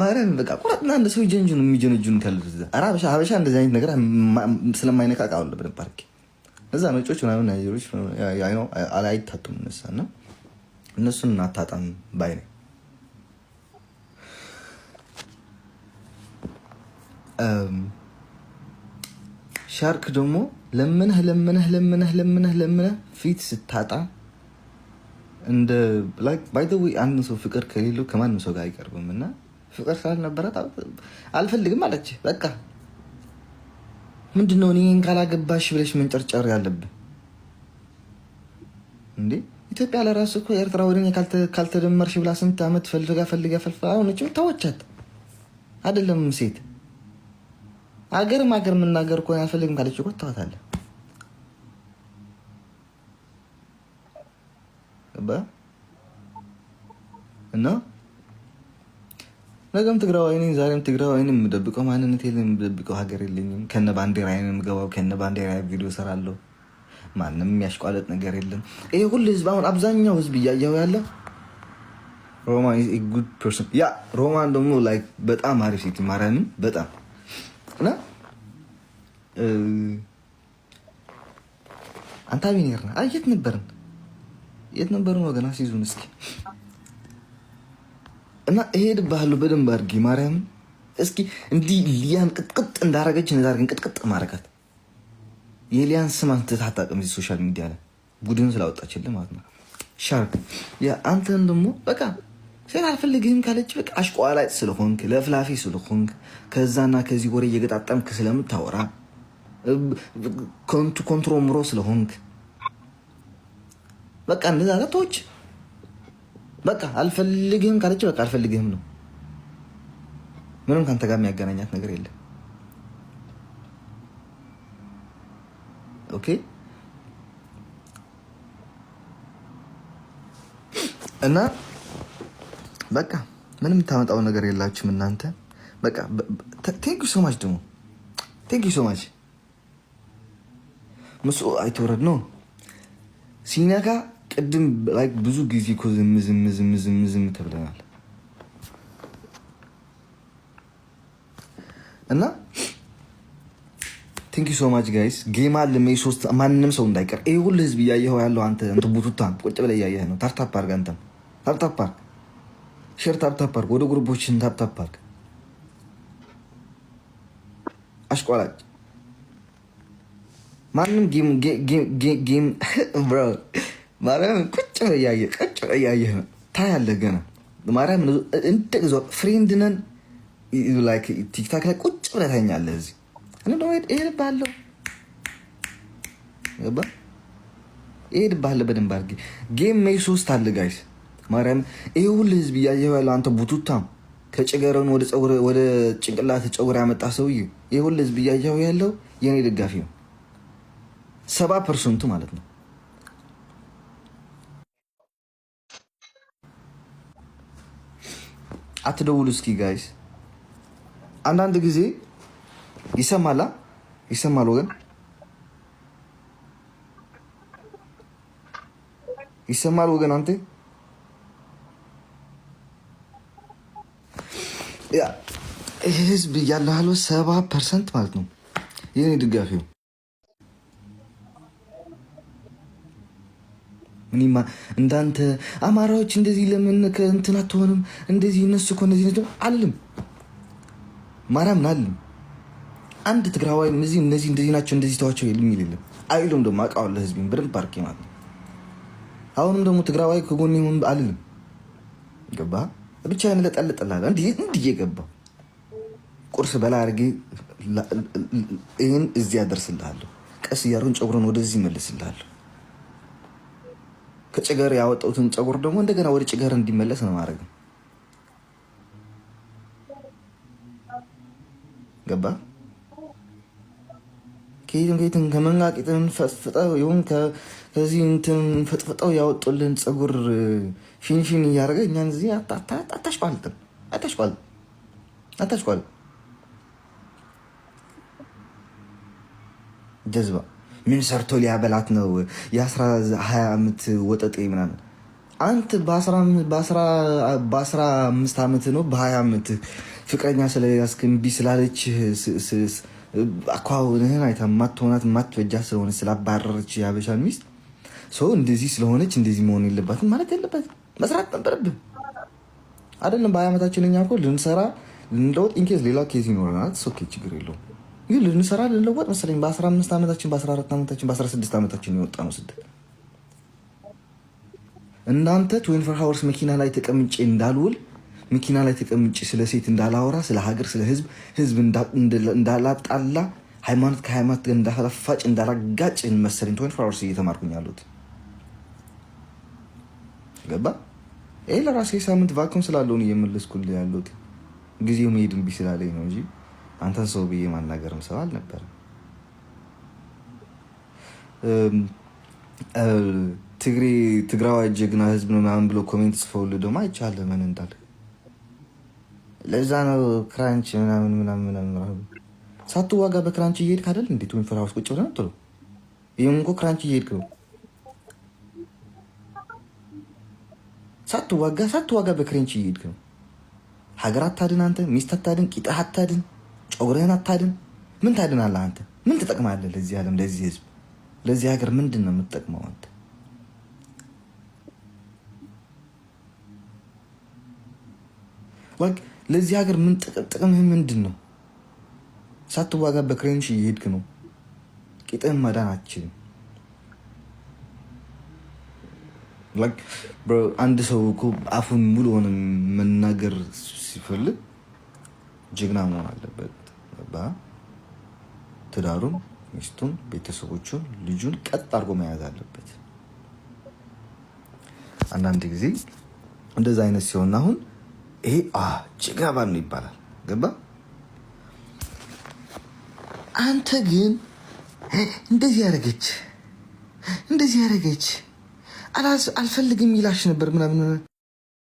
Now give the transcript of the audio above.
ማርያም በቃ ቁረጥና እንደ ሰው ነው የሚጀነጁን ከልብ አራበሻ ሀበሻ እንደዚህ አይነት ነገር ስለማይነቃ ቃሉ ለብን ፓርክ እዛ ነጮች ምናምን ናይሮች አይታጡም እነሳ እና እነሱን አታጣም ባይ ነኝ። ሻርክ ደግሞ ለምነህ ለምነህ ለምነህ ለምነህ ለምነህ ፊት ስታጣ እንደ ባይ ዘ ወይ አንድ ሰው ፍቅር ከሌለው ከማንም ሰው ጋር አይቀርብም እና ፍቅር ስላልነበረ አልፈልግም አለች። በቃ ምንድነው እኔን ካላገባሽ ብለሽ መንጨርጨር ያለብን እንዴ? ኢትዮጵያ ለራሱ እኮ ኤርትራ ወደ ካልተደመርሽ ብላ ስንት ዓመት ፈልጋ ፈልጋ ፈልፍላ ሆነችም ታወቻት አይደለም ሴት አገርም አገር የምናገር እኮ አልፈልግም ካለች እኮ ትተዋታለህ። እና ነገም ትግራዋይ ነኝ፣ ዛሬም ትግራዋይ ነኝ። የምደብቀው ማንነት የለኝም፣ የምደብቀው ሀገር የለኝም። ከነ ባንዴራ አይነ የምገባው ከነ ባንዴራ ቪዲዮ እሰራለሁ። ማንም የሚያሽቋለጥ ነገር የለም። ይሄ ሁሉ ህዝብ አሁን አብዛኛው ህዝብ እያየው ያለ ሮማ ጉድ ፐርሰን ያ ሮማን ደግሞ ላይክ በጣም አሪፍ ሴት ማርያምን በጣም እና አንተ ቢኔርና አየት ነበርን የት ነበርን ወገና ሲዙን እስኪ እና እሄድብሃለሁ በደንብ አድርጊ ማርያም። እስኪ እንዲህ ሊያን ቅጥቅጥ እንዳረገች ነዛርግን ቅጥቅጥ ማረጋት። የሊያን ስም አንተ አታውቅም እዚህ ሶሻል ሚዲያ ላይ ቡድን ስላወጣችልህ ማለት ነው። ሻርክ አንተን ደግሞ በቃ ሴት አልፈልግህም ካለች በቃ አሽቋላጭ ስለሆንክ ለፍላፊ ስለሆንክ ከዛና ከዚህ ወሬ እየገጣጠምክ ስለምታወራ ኮንቱ ኮንትሮምሮ ስለሆንክ በቃ እንደዛ ቶች በቃ አልፈልግህም ካለች በቃ አልፈልግህም ነው። ምንም ከአንተ ጋር የሚያገናኛት ነገር የለም። ኦኬ እና በቃ ምንም የምታመጣው ነገር የላችሁም እናንተ። በቃ ቴንክ ዩ ሶማች ደግሞ ቴንክ ዩ ምስ አይተወረድ ነው ሲነካ ቅድም ብዙ ጊዜ እኮ ዝም ዝም ዝም ዝም ዝም ተብለናል እና ቲንክ ዩ ሶ ማች ጋይስ ጌማ ለሜይ ሶስት ማንም ሰው እንዳይቀር ይህ ሁሉ ህዝብ እያየኸው ያለው አንተ እንትን ቡቱታን ቁጭ ብለህ እያየህ ነው። ታፕ ታፕ አድርግ፣ አንተም ታፕ ታፕ አድርግ፣ ሼር ታፕ አድርግ፣ ወደ ግሩቦችን ታፕ ታፕ አድርግ። አሽቋላጭ ማንም ጌም ጌም ጌም ማርያምን ቁጭ ብለህ እያየህ ቁጭ ብለህ እያየህ ታያለህ። ገና ማርያምን እንደዚያው ፍሬንድ ነን ቲክታክ ላይ ቁጭ ብለህ ታኛለህ። እዚህ እሄድብሃለሁ እሄድብሃለሁ በደንብ አድርጌ ጌም ሜይ ሶስት አለ ጋይስ። ማርያም ይሄ ሁሉ ህዝብ ያለ ያለው አንተ ቡቱታም ከጭገረን ወደ ጭንቅላት ጨጉር ያመጣ ሰውዬ ይህ ሁሉ ህዝብ እያየኸው ያለው የኔ ደጋፊ ነው፣ ሰባ ፐርሰንቱ ማለት ነው። አትደውሉ እስኪ ጋይስ። አንዳንድ ጊዜ ይሰማላ ይሰማል፣ ወገን ይሰማል፣ ወገን አንተ ይህ ህዝብ እያለ ሰባ ፐርሰንት ማለት ነው የኔ ድጋፊው እኔማ እንዳንተ አማራዎች እንደዚህ ለምን ከእንትን አትሆንም? እንደዚህ እነሱ እኮ እንደዚህ ነው አልም ማርያምን አልም አንድ ትግራዋይ እዚህ እነዚህ እንደዚህ ናቸው እንደዚህ ተዋቸው የሚል የለም አይሉም። ደሞ አውቃዋለሁ ህዝቤን በደንብ አድርጌ ማለት ነው። አሁንም ደግሞ ትግራዋይ ከጎን ሆን አልልም። ገባ ብቻ ያን ለጠልጠላል እንዲ እንዲ የገባ ቁርስ በላ አድርጌ ይህን እዚህ ያደርስልሃለሁ። ቀስ እያደረግን ጨጉረን ወደዚህ ይመልስልሃለሁ። ከጭገር ያወጣሁትን ጸጉር ደግሞ እንደገና ወደ ጭገር እንዲመለስ ነው ማድረግ ገባ ከየትም ከየትም ከመንጋቂትን ፈጥፍጠው ይሁን ከዚህ እንትን ፈጥፍጠው ያወጡልን ጸጉር ፊንፊን እያደረገ እኛን እዚህ አታሽቋልጥም፣ አታሽቋል፣ አታሽቋል ጀዝባ ምን ሰርቶ ሊያበላት ነው? የ ሀያ ዓመት ወጠጤ ምናምን አንተ በ15 ዓመት ነው በ20 ዓመት ፍቅረኛ ስለሌላስክ እምቢ ስላለች አኳውንህን አይታ ማትሆናት ማትበጃ ስለሆነ ስላባረረች የአበሻን ሚስት ሰው እንደዚህ ስለሆነች እንደዚህ መሆን የለባትም ማለት የለበት መስራት ነበረብን አይደለም። በሀያ ዓመታችን እኛ እኮ ልንሰራ ልንለወጥ ኢንኬዝ ሌላ ኬዝ ይኖረናል። ሶኬ ችግር የለውም። ይህ ልንሰራ ልንለወጥ መሰለኝ በ15 ዓመታችን በ14 ዓመታችን በ16 ዓመታችን የወጣ ነው ስደት። እናንተ ትዌንፈር ሃወርስ መኪና ላይ ተቀምጬ እንዳልውል መኪና ላይ ተቀምጬ ስለ ሴት እንዳላወራ፣ ስለ ሀገር፣ ስለ ህዝብ ህዝብ እንዳላጣላ፣ ሃይማኖት ከሃይማኖት እንዳላፋጭ፣ እንዳላጋጭ መሰለኝ ትዌንፈር ሃወርስ እየተማርኩኝ ያሉት ገባ። ይህ ለራሴ ሳምንት ቫኩም ስላለውን እየመለስኩል ያሉት ጊዜው መሄድ እምቢ ስላለኝ ነው እንጂ አንተን ሰው ብዬ ማናገርም ሰው አልነበረም። ትግሬ ትግራዋይ ጀግና ህዝብ ነው ምናምን ብሎ ኮሜንት ጽፈውል ደግሞ አይቻለ ምን እንዳል ለዛ ነው ክራንች ምናምን ምናምን ምናምን ሳቱ ዋጋ በክራንች እየሄድክ አይደል እንዴት ወይም ፍራውስ ቁጭ ብለህ ትሎ ይህም እኮ ክራንች እየሄድክ ነው። ሳቱ ዋጋ ሳቱ ዋጋ በክራንች እየሄድክ ነው። ሀገር አታድን አንተ፣ ሚስት አታድን፣ ቂጣ አታድን። ጨጉርህን አታድን። ምን ታድናለህ አንተ? ምን ትጠቅማለህ? ለዚህ ዓለም፣ ለዚህ ህዝብ፣ ለዚህ ሀገር ምንድን ነው የምትጠቅመው አንተ? ለዚህ ሀገር ምን ጥቅምህ ምንድን ነው? ሳትዋጋ በክሬንሽ እየሄድክ ነው። ቂጥህን መዳን አችልም። አንድ ሰው እኮ አፉን ሙሉ ሆነ መናገር ሲፈልግ ጀግና መሆን አለበት። ትዳሩን፣ ሚስቱን፣ ቤተሰቦቹን፣ ልጁን ቀጥ አድርጎ መያዝ አለበት። አንዳንድ ጊዜ እንደዚ አይነት ሲሆን አሁን ይሄ ጀግና ባል ነው ይባላል። ገባ አንተ ግን እንደዚህ ያደረገች እንደዚህ ያደረገች አልፈልግም ይላሽ ነበር ምናምን